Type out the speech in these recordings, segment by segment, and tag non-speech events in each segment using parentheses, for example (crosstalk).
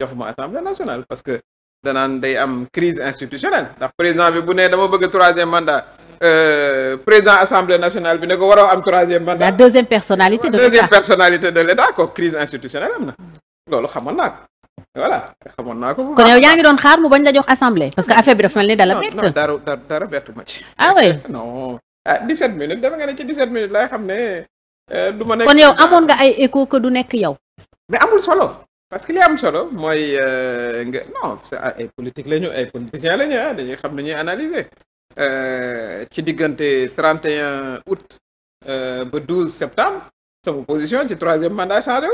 jofuma assemblée nationale parce que danaan day am crise institutionnelle ndax président bi bu ne dama bëgg troisième mandat euh, président assemblée nationale bi ne ko waroo am troisième mandat. la deuxième personnalité de l'État. deuxième personnalité de l' ko crise institutionnelle am na loolu xamoon naa ko voilà xamoon naa ko. kon yow yaa ngi doon xaar mu bañ la jox assemblée. parce que affaire bi dafa mel ni dala bett. non dara dara bettu ma ci. ah oui (laughs) non ah 17 minutes dama nga ne ci 17 minutes laay xam ne. Euh, duma ma nekk kon yow amoon nga ay écho que du nekk yow. mais amul solo parce y a un solo mooy euh, nga non c'est ah, politique la ñu ay politiciens la ñu ah dañuy xam nañuy analyser euh, ci diggante 31 août euh, ba 12 septembre sama position ci troisième mandat changé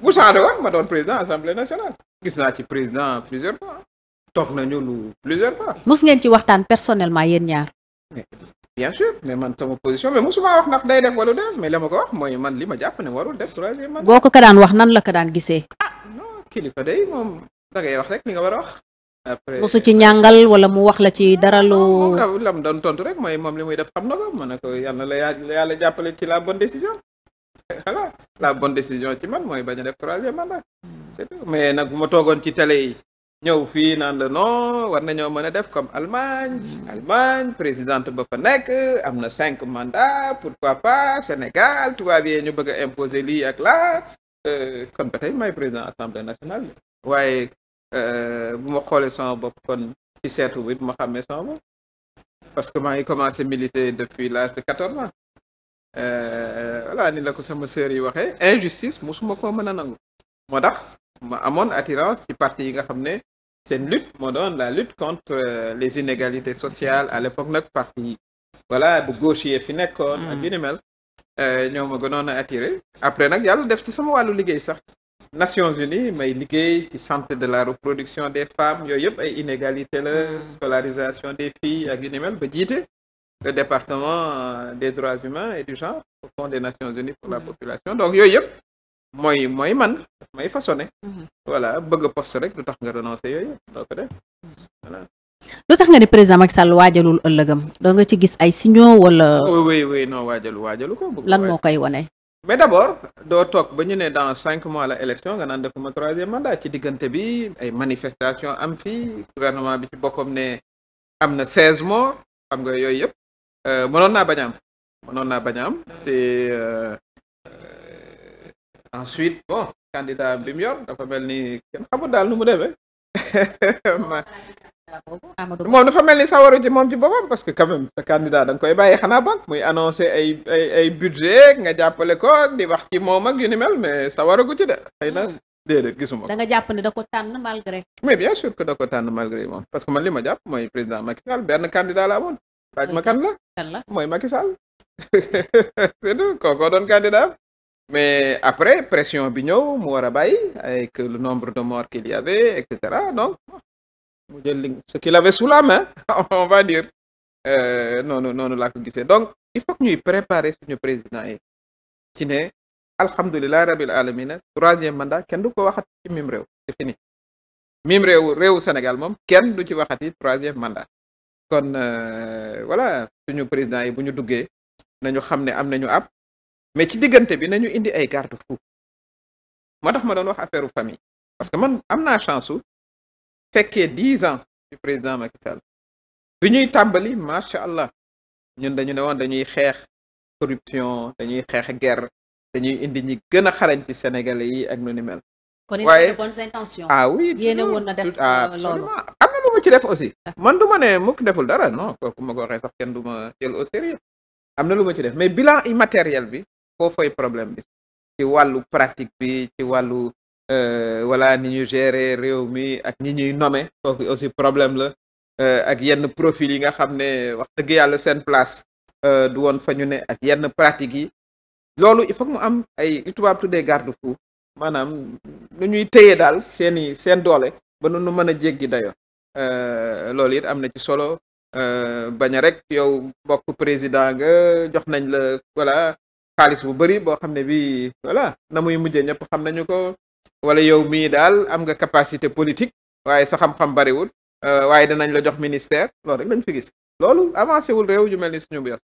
Vous bu changé woon ma doon président assemblée nationale gis naa ci président plusieurs fois toog nañu lu plusieurs fois. mos ngeen ci waxtaan personnellement yéen ñaar. bien sûr mais man sama position mais musuma wax nak day def wala def mais la ko wax moy man li ma japp ne warul def troisième mandat. boko ka daan wax nan la ka daan gisee kilifa day moom dangay wax rek nga wax. après ci wala mu wax la ci dara lu. la rek que li def xam na la bonne décision. (laughs) la bonne décision ci man def mandat. c'est mais ci télé yi non war nañoo def comme Allemagne. Mm. Allemagne présidente ba mandats pourquoi pas Sénégal tubaab yee ñu bëgg imposer li ak kon euh, ba tey may président assemblée nationale waaye euh, bu ma xoolee sama bopp kon ci seetu bi ma xàmmee sama bopp parce que maa ngi commencé militer depuis l'âge de 14 ans euh, voilà ni la ko sama sœur yi waxee injustice musuma ko mën a nangu moo tax ma amoon attirance ci parti yi nga xam ne seen lutte moo doon la lutte contre les inégalités sociales à l'époque nag parti voilà bu gauche yi fi nekkoon ak mm. ni mel nous euh, avons gënoon a attiré après nag yàlla def ci sama wàllu liggéey sax Nations Unies may liggéey ci santé de la reproduction des femmes yooyu yëpp ay la mm. scolarisation des filles ak yu le département euh, des droits humains et du genre au fond des Nations Unies pour la mm. population donc yooyu yëpp mooy mooy man may façonné mm-hmm. voilà bëgg poste rek du tax nga renoncé. yooyu doo ko mm lu nga ni président Macky Sall wadjalul ëllëgam do nga ci gis ay signaux wala. oui oui oui non wadjal wadjaluko lan mo koy wane. mais d'abord do tok ba ñu né dans 5 mois la élection nga naan defuma troisième mandat ci digënté bi ay manifestations am fi gouvernement bi ci bokkom né amna 16 seize morts xam nga yooyu yëpp euh, mënoon naa na a am mënoon naa bañ a am te euh, ensuite bon candidat bi mu yor dafa melni ken kenn xamul daal nu mu demee. (laughs) Ah, moom dafa mel ni sawaru ji moom ci boppam parce que quand même ce candidat dang koy baye xana banque muy annoncé ay ay budget nga jàppale ko di wax ci mom ak yu mel mais sawaragu ci de xëy na déedéet gisuma ko. da nga japp ne dako ko malgré. mais bien sûr que dako ko malgré moom parce que man li ma jàpp mooy président Macky Sall benn candidat la bon laaj ma kan la kan la mooy Macky Sall. (laughs) c'est nous koko don candidat mais après pression bi ñew mu wara baye avec le nombre de morts qu'il y avait et cetera donc mu jël ce qu'il avait sous la main (laughs) on va dire euh, noonu noonu laa ko gisee donc il faut ñuy préparer suñu président yi ci ne alhamdulilah rabil alamina troisième mandat kenn du ko waxat ci mim réew c'est fini mim réew réewu Sénégal moom kenn du ci waxati troisième mandat kon wala euh, suñu président yi bu ñu duggee nañu xam ne am nañu ab mais ci diggante bi nañu indi ay garde fou moo tax ma doon wax affaire famille parce que man am na chance su fekkee 10 ans du président Macky Sall bi tambali tàmbali allah ñun dañu ne dañuy xeex corruption dañuy xeex guerre dañuy indi ñi gëna a xarañ ci sénégalais yi ak ñu ni mel. de bonnes intentions. ah oui yéene woon na def ah, euh, loolu am lu mu ci def aussi. man duma né mu mukk deful dara non ko ma ko waxee sax ken duma jël au sérieux amna na lu ma ci def mais bilan immatériel bi foo fay problème bi ci walu pratique bi ci walu Euh, voilà ni ñu gérer réew mi ak ñi ñuy nommer kooku aussi problème la euh, ak yenn profil yi nga xam ne wax dëgg yàlla seen place euh, du woon fa ñu ne ak yenn pratiques yi loolu il faut mu am ay li tubaab tuddee garde-fou maanaam nu ñuy téye daal seeni seen doole ba nu mën a jéggi dayo loolu it am na ci solo bañ rek yow bokk président nga jox nañ la wala xaalis bu bari boo xam ne bi voilà na muy mujjee ñëpp xam nañu ko wala yow mii daal am nga capacité politique waaye sa xam-xam bariwul euh, waaye danañ la jox ministère loolu rek lañ fi gis loolu avancé wul réew yu mel ni suñu biir